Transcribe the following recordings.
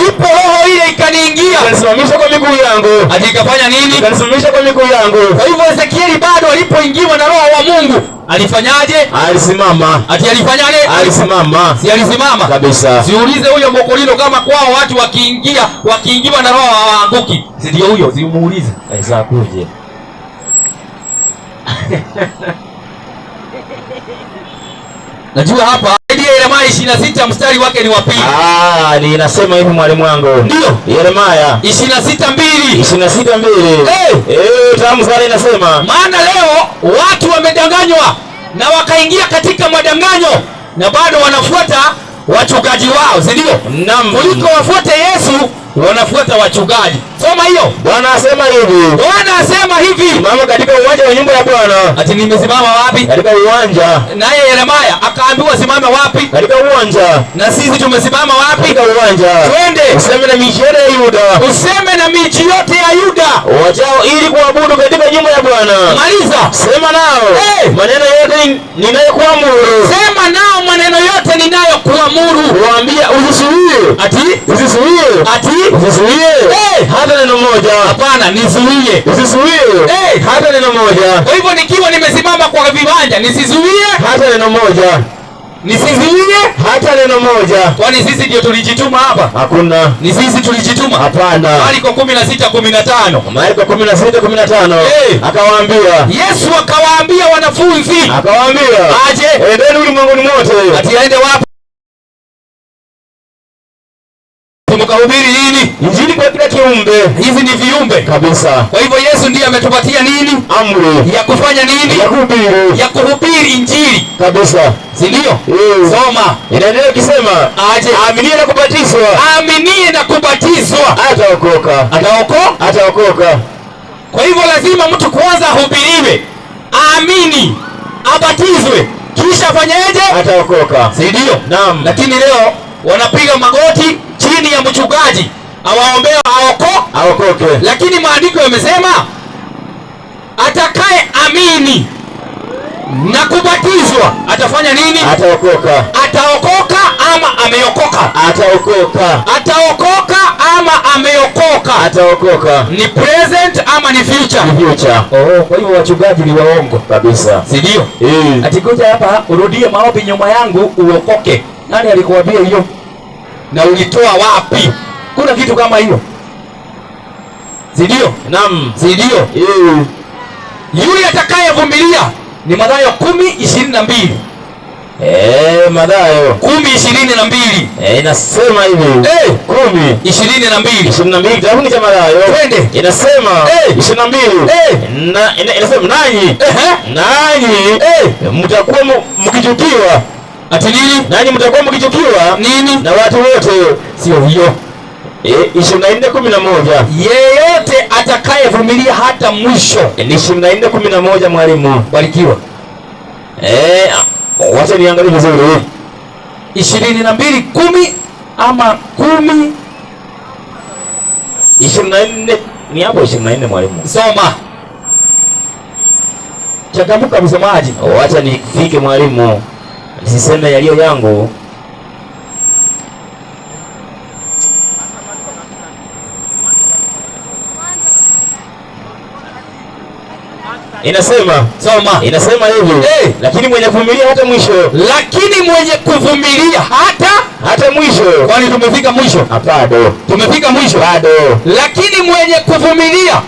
ndipo roho ile ikaniingia ikanisimamisha kwa miguu yangu. Ati ikafanya nini? Ikanisimamisha kwa miguu yangu. Kwa hivyo Ezekieli bado alipoingiwa na roho wa Mungu alifanyaje? Alisimama. Ati alifanyaje? Alisimama. Si alisimama kabisa. Siulize huyo Mokolino kama kwao watu wakiingia wakiingiwa na roho hawaanguki, si ndio huyo? Simuulize aisa kuje najua hapa Yeremia 26 mstari wake ni wa pili. Ah, ni inasema hivi mwalimu wangu. Ndio. Yeremia 26:2. 26:2. Eh, eh, tamu sana inasema. Maana leo watu wamedanganywa na wakaingia katika madanganyo na bado wanafuata wachungaji wao, si ndio? Naam. Kuliko wafuate Yesu wanafuata wachungaji. Soma hiyo. Bwana asema hivi. Bwana asema hivi. Mama katika uwanja wa nyumba ya Bwana. Ati nimesimama wapi? Katika uwanja. Naye Yeremia akaambiwa simama wapi? Katika uwanja. Na sisi tumesimama wapi? Katika uwanja. Twende. Useme na miji yote ya Yuda. Useme na miji yote ya Yuda. Wajao ili kuabudu katika nyumba ya Bwana. Maliza. Sema nao. Hey. Maneno yote ninayokuamuru. Sema nao yote kuamuru, waambia usizuie, ati usizuie, ati usizuie, eh, hata neno moja. Hapana, nizuie, usizuie, eh, hata neno moja. Kwa hivyo nikiwa nimesimama kwa viwanja, nisizuie hata neno moja. Nisizuie hata neno moja. Kwani sisi ndio tulijituma hapa? Hakuna. Ni sisi tulijituma? Hapana. Marko 16:15. Marko 16:15. Hey. Akawaambia. Yesu akawaambia wanafunzi. Akawaambia. Aje. Endeni ulimwenguni mwote. atiende wapi? tumekahubiri nini? Injili katika kiumbe. Hizi ni viumbe kabisa. Kwa hivyo Yesu ndiye ametupatia nini? Amri ya kufanya nini? Ya kuhubiri, ya kuhubiri injili kabisa, si ndio? Mm. Soma inaendelea ikisema aje, aaminie na kubatizwa, aaminie na kubatizwa ataokoka, ataokoka, ataokoka. Kwa hivyo lazima mtu kwanza ahubiriwe, aamini, abatizwe, kisha afanyeje? Ataokoka, si ndio? Naam. Lakini leo wanapiga magoti chini ya mchungaji awaombea aoko aokoke, lakini maandiko yamesema atakaye amini na kubatizwa atafanya nini? Ataokoka. Ataokoka ama ameokoka? Ataokoka. Ataokoka ama ameokoka? Ataokoka. Ni present ama ni future? Ni future. Oh, kwa hiyo wachungaji ni waongo kabisa, si ndio? Eh. Atikuja hapa urudie maombi nyuma yangu uokoke. Nani alikuambia hiyo? na ulitoa wapi? Kuna kitu kama hilo zidio? Naam, zidio. Eh. Yule atakayevumilia ni Mathayo 10:22. Eh, Mathayo na Eh, inasema hivi. Eh, na 22. Kitabu cha Mathayo. Twende. Inasema 22. Eh. eh, na inasema nanyi. Nanyi. Eh, mtakuwa mkichukiwa Ati nini? Nanyi mtakuwa mkichukiwa nini? Na watu wote, sio hiyo. Eh, 24:11. Yeyote atakayevumilia hata mwisho. Eh, ni 24:11 mwalimu. Barikiwa. Eh, wacha niangalie vizuri. kumi ama 10 24 ni hapo 24 mwalimu. Soma. Changamuka msomaji. Wacha nifike mwalimu nisiseme yaliyo yangu. Inasema soma, inasema hivi hey, lakini mwenye kuvumilia hata mwisho, lakini mwenye kuvumilia hata hata mwisho. Kwani tumefika mwisho? Hapana, tumefika mwisho bado. Lakini mwenye kuvumilia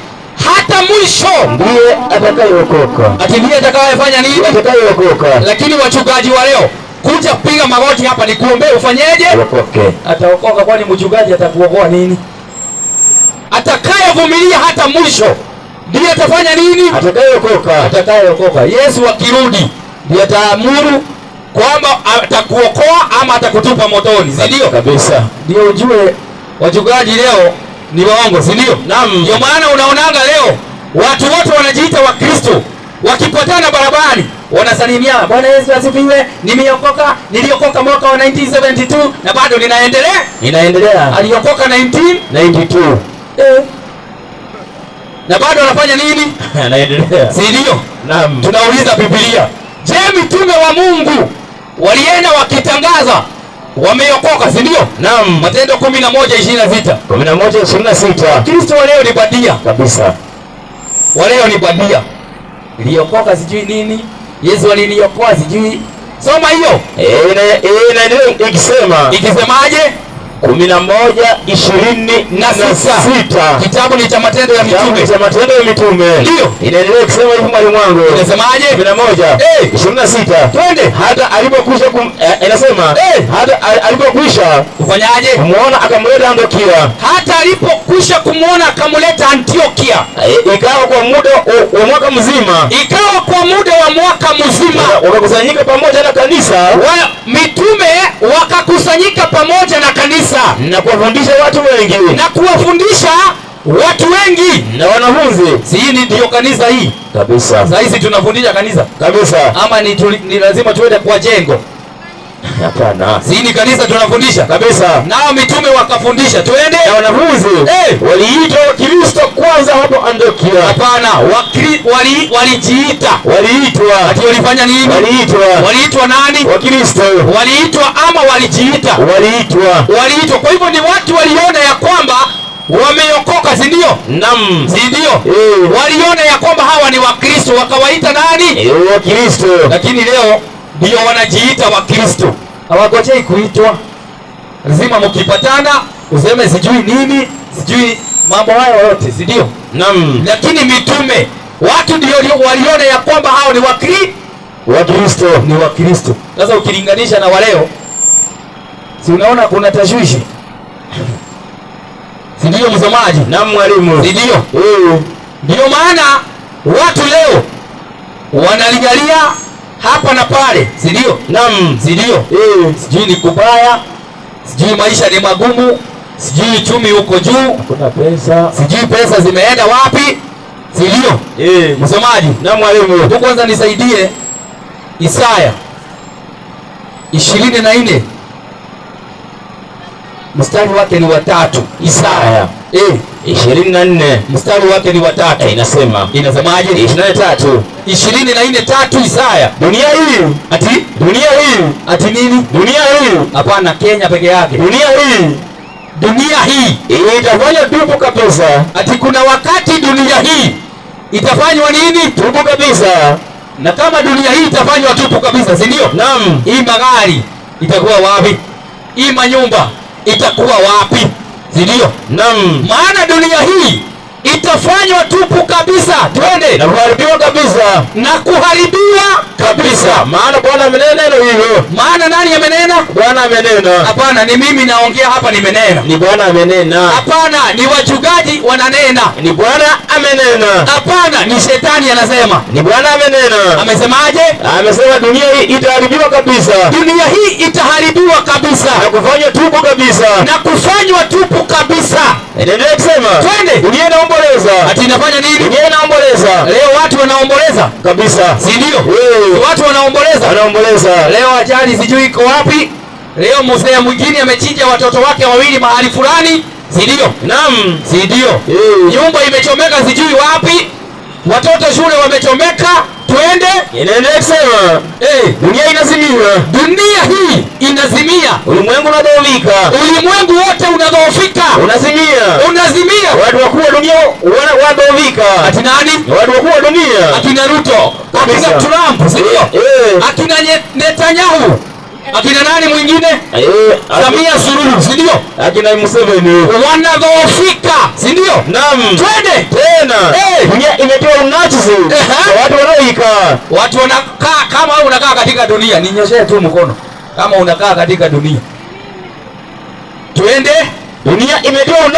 hata mwisho ndiye atakayeokoka. Ati ndiye atakayefanya nini? Atakayeokoka. Lakini wachungaji wa leo kuja kupiga magoti hapa ni kuombea ufanyeje? Okay. Ataokoka, kwani mchungaji atakuokoa nini? Atakayevumilia hata mwisho ndiye atafanya nini? Atakayeokoka. Atakayeokoka. Yesu akirudi ndiye ataamuru kwamba atakuokoa ama atakutupa motoni, si ndio? Kabisa. Ndio ujue wachungaji leo ni waongo, si ndio? Naam. Ndio maana unaonaga leo watu wote wanajiita Wakristo wakipotana barabarani wanasalimiana, Bwana Yesu asifiwe, nimeokoka, niliokoka mwaka wa 1972 na bado ninaendelea ninaendelea, aliokoka 1992 eh, na bado anafanya nini? Anaendelea, si ndio? Naam. Tunauliza Biblia, je, mitume wa Mungu walienda wakitangaza wameokoka si ndio? Naam. Matendo 11:26. 11:26. Kristo leo ni badia. Kabisa. leo ni badia. Niliokoka sijui nini. Yesu aliniokoa sijui. Soma hiyo. Eh, eh inaendelea ikisema. Ikisemaje? 11 26 kitabu ni cha Matendo ya Mitume, cha Matendo ya Mitume ndio inaendelea kusema hivi Mwalimu wangu inasemaje? 11 26 eh. twende. Hata alipokwisha eh, inasema eh. hata alipokwisha kufanyaje? Kumuona akamleta Antiokia. Hata alipokwisha kumuona akamleta Antiokia. Ikawa kwa muda wa mwaka mzima, ikawa kwa muda wa mwaka mzima wakakusanyika pamoja na kanisa, mitume wakakusanyika pamoja na kanisa kanisa na kuwafundisha watu wengi, na kuwafundisha watu wengi na wanafunzi. Si hii ndiyo kanisa hii kabisa? Sasa hizi tunafundisha kanisa kabisa, ama ni, tu, ni lazima tuende kwa jengo Hapana. Si ni kanisa tunafundisha kabisa. Nao mitume wakafundisha. Tuende. Na wanafunzi hey, eh. waliitwa Wakristo kwanza hapo Antiokia. Hapana, wali walijiita. Waliitwa. Ati walifanya nini? Waliitwa. Waliitwa nani? Wakristo. Waliitwa ama walijiita? Waliitwa. Waliitwa. Kwa hivyo ni watu waliona ya kwamba wameokoka si ndio? Naam. Si ndio? Eh. Waliona ya kwamba hawa ni Wakristo wakawaita nani? E, Wakristo. Lakini leo ndio wanajiita Wakristo, hawagojei kuitwa. Lazima mkipatana useme sijui nini, sijui mambo hayo yote, si ndio? Naam. Lakini mitume watu ndio waliona ya kwamba hao ni Wakristo, Wakristo ni Wakristo. Sasa ukilinganisha na waleo, si unaona kuna tashwishi si ndio, msomaji Naam mwalimu, si ndio? Ndio maana watu leo wanalijalia hapa na pale, si ndio? Naam, si ndio? Eh, sijui ni kubaya, sijui maisha ni magumu, sijui chumi huko juu, hakuna pesa, sijui pesa zimeenda wapi, si ndio? Eh, msomaji. Naam, mwalimu, tu kwanza nisaidie Isaya 24 mstari wake ni watatu. Isaya eh, 24 mstari wake ni watatu. Inasema, inasemaje? ishirini ishirini na nne tatu Isaya. Dunia hii ati dunia hii ati nini? Dunia hii hapana, Kenya peke yake. Dunia hii dunia hii ee, itafanya tupu kabisa. Ati kuna wakati dunia hii itafanywa nini? Tupu kabisa. Na kama dunia hii itafanywa tupu kabisa, si ndio? Naam. Hii magari itakuwa wapi? Hii manyumba itakuwa wapi? Si ndio? Naam. Maana dunia hii itafanywa tupu kabisa na kuharibiwa kabisa na kuharibiwa kabisa, maana Bwana amenena hivyo. Maana nani amenena? Bwana amenena. Hapana, ni mimi naongea hapa, nimenena. Ni Bwana amenena. Hapana, ni wachungaji wananena. Ni Bwana amenena. Hapana, ni shetani anasema. Ni Bwana amenena. Amesemaje? Amesema dunia hii itaharibiwa kabisa. Dunia hii itaharibiwa kabisa na kufanywa tupu kabisa, na kufanywa tupu kabisa. Endelea kusema. Twende. Dunia inaomboleza. Ati inafanya nini? Dunia inaomboleza. Leo watu wanaomboleza kabisa, si ndio? Wewe watu wanaomboleza, wanaomboleza leo, ajali sijui iko wapi. Leo mzee mwingine amechinja watoto wake wawili mahali fulani, sidio? Naam, sidio. Eh. Nyumba imechomeka sijui wapi, watoto shule wamechomeka. Twende, inaendelea kusema hey, eh. dunia inazimia, dunia hii inazimia. Ulimwengu unadhoofika. Ulimwengu wote unadhoofika. Unazimia. Unazimia. Watu wakuu wa dunia wanadhoofika. Ati nani? Watu wakuu wa dunia. Akina Ruto, akina Trump, si ndio? Eh, eh. Akina Netanyahu. Akina nani mwingine? Eh, Samia Suluhu, si ndio? Akina Museveni. Wanadhoofika, si ndio? Naam. Twende tena. Eh, dunia imetiwa unajisi. Watu wanaoika. Watu wanakaa kama wewe unakaa katika dunia. Ninyoshe tu mkono kama unakaa katika dunia. Tuende dunia imejua